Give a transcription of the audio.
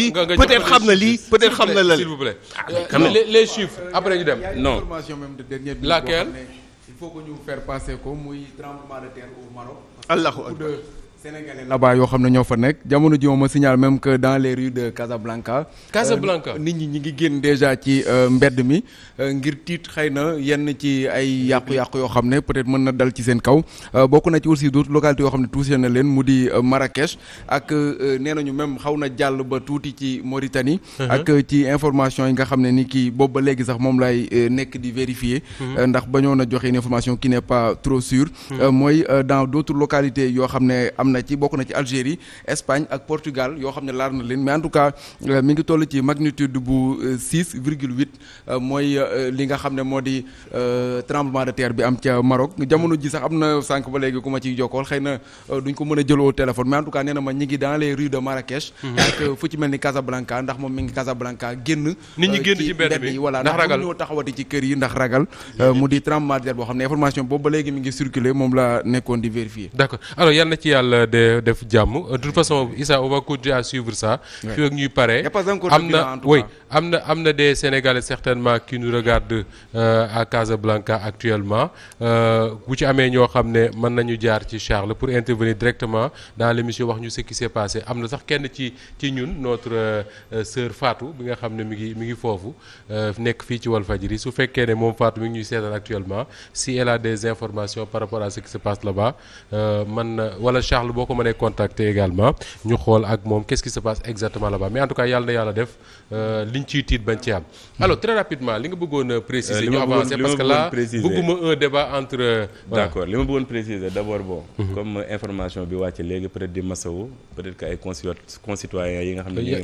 si xam na lii peut-être xam na la s'il vous plaît ah, les chiffres après ñu dem non laquelle il faut que ñu faire passer ko muy tremblement de terre au Maroc allahu sénégalais là yoo xam ne ñoo fa nekk jamono ji moom ma signale même que dans les rues de Casablanca. Casablanca euh, nit ñi ñi ngi génn déjà ci euh, mbedd mi euh, ngir tiit xëy na yenn ci ay yàqu-yàqu yoo xam ne peut-être mën na dal ci seen kaw bokk na ci aussi d'autres localités yoo xam ne touché na leen mu di Marrakech ak nee nañu même xaw na jàll ba tuuti ci Mauritanie. Uh-huh. ak ci information yi nga xam ne ni kii boobu ba léegi sax moom laay nekk di vérifier. Uh-huh. ndax bañoon a joxe une information qui n'est pas trop sûre. Uh-huh. mooy dans d'autres localité yoo xam ne am am na ci bokk na ci Algérie Espagne ak Portugal yoo xam ne laal na leen mais en euh, mi ngi toll ci magnitude bu euh, euh, mooy li nga xam ne moo di tremblement de terre bi am ca Maroc jamono ji sax am na sànq ba léegi ku ma ciy jokkool xëy na duñ ko mën a jëloo téléphone mais en tout cas nee ma ñi ngi dans les rues de Marrakech. Mhm. ak fu ci mel ni Casablanca ndax moom mi ngi Casablanca génn. nit ñi génn ci mbedd bi voilà ndax ragal ñoo taxawati ci kër yi ndax ragal. mu di tremblement de boo xam ne information boobu ba léegi mi ngi circuler moom la nekkoon di vérifier. d'accord alors yal na ci de def jàmm de toute façon Issa on va continuer à suivre ça. fii ak ñuy paree. am na am na am na certainement qui nous regardent euh, à Casablanca actuellement euh, bu ci amee ñoo xam ne mën nañu jaar ci Charles pour intervenir directement dans l'émission wax ñu ce qui s'est passé am na sax kenn ci ci ñun notre euh, sœur Fatou bi nga xam ne mi ngi mi ngi foofu nekk fii ci Walfadjri su fekkee ne moom Fatou mi ngi ñuy seetaan actuellement si elle a des informations par rapport à ce qui loolu boo ko mënee contacter également ñu xool ak moom qu'est-ce qui se exactement là-bas mais en yàlla na yàlla def euh, liñ ciy tiit bañ ci am. alors très rapidement li nga bëggoon euh, préciser. Euh, ñu avancer parce que là bëgguma un débat entre. d'accord li ma bëggoon préciser d'abord bon. Mhm. comme information bi wàcc léegi peut di masawu peut-être que ay concitoyens yi nga xam ne.